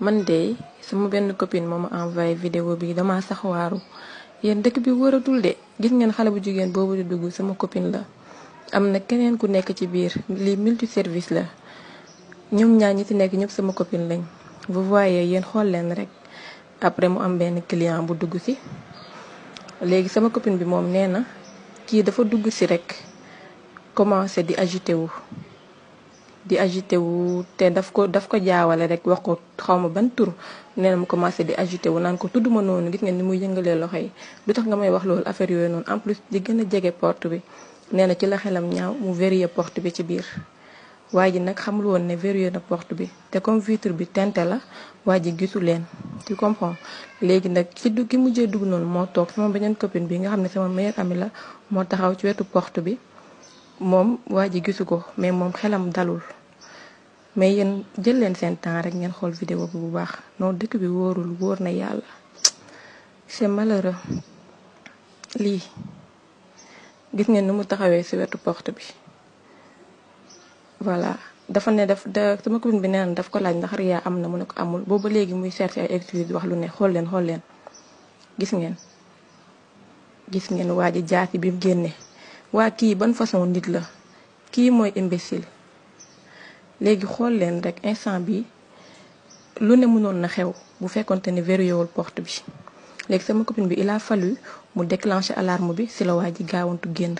man de sama benn copine moom ma envoyé vidéo bi dama sax waaru yéen dëkk bi wëratul de gis ngeen xale bu jigéen boobu di dugg sama copine la am na keneen ku nekk ci biir lii multi service la ñoom ñaar ñi ci nekk ñëpp sama copine lañ vous voyez yéen xool leen rek après mu am benn client bu dugg si léegi sama copine bi moom nee na kii dafa dugg si rek commencé di agité wu di agité wu te daf ko daf ko jaawale rek wax ko xaw ma ban tur nee na mu commencé di agité wu naan ko tudd ma noonu gis nga ni muy yëngalee loxo yi lu tax nga may wax loolu affaire yooyu noonu en plus di gën a jege porte bi nee na ci la xelam ñaaw mu verrouillé porte bi ci biir waa ji nag xamul woon ne verrouillé na porte bi te comme vitre bi teinté la waa ji gisu leen tu comprends léegi nag ci du ki mujjee dugg noonu moo toog sama beneen copine bi nga xam ne sama meilleure amie la moo taxaw ci wetu porte bi moom waji gisugo mais moom xelam dalul mais yeen jël len sen temps rek ngeen xol vidéo bi bu baax non dekk bi worul wor na yalla c'est malheureux li gis ngeen numu taxawé ci wetu porte bi voilà dafa ne daf sama copine bi nee daf ko laaj ndax riya amna na ko amul booba légui muy chercher ay excuse wax lu ne xol len xol len gis ngeen gis ngeen waji jaati bi mu génné waa kii ban façon nit la kii mooy imbécile léegi xool leen rek instant bi lu ne mënoon na xew bu fekkonte ne verrouillewul porte bi léegi sama copine bi il a fallu mu déclencher alarme bi ci la waa ji gaawantu génn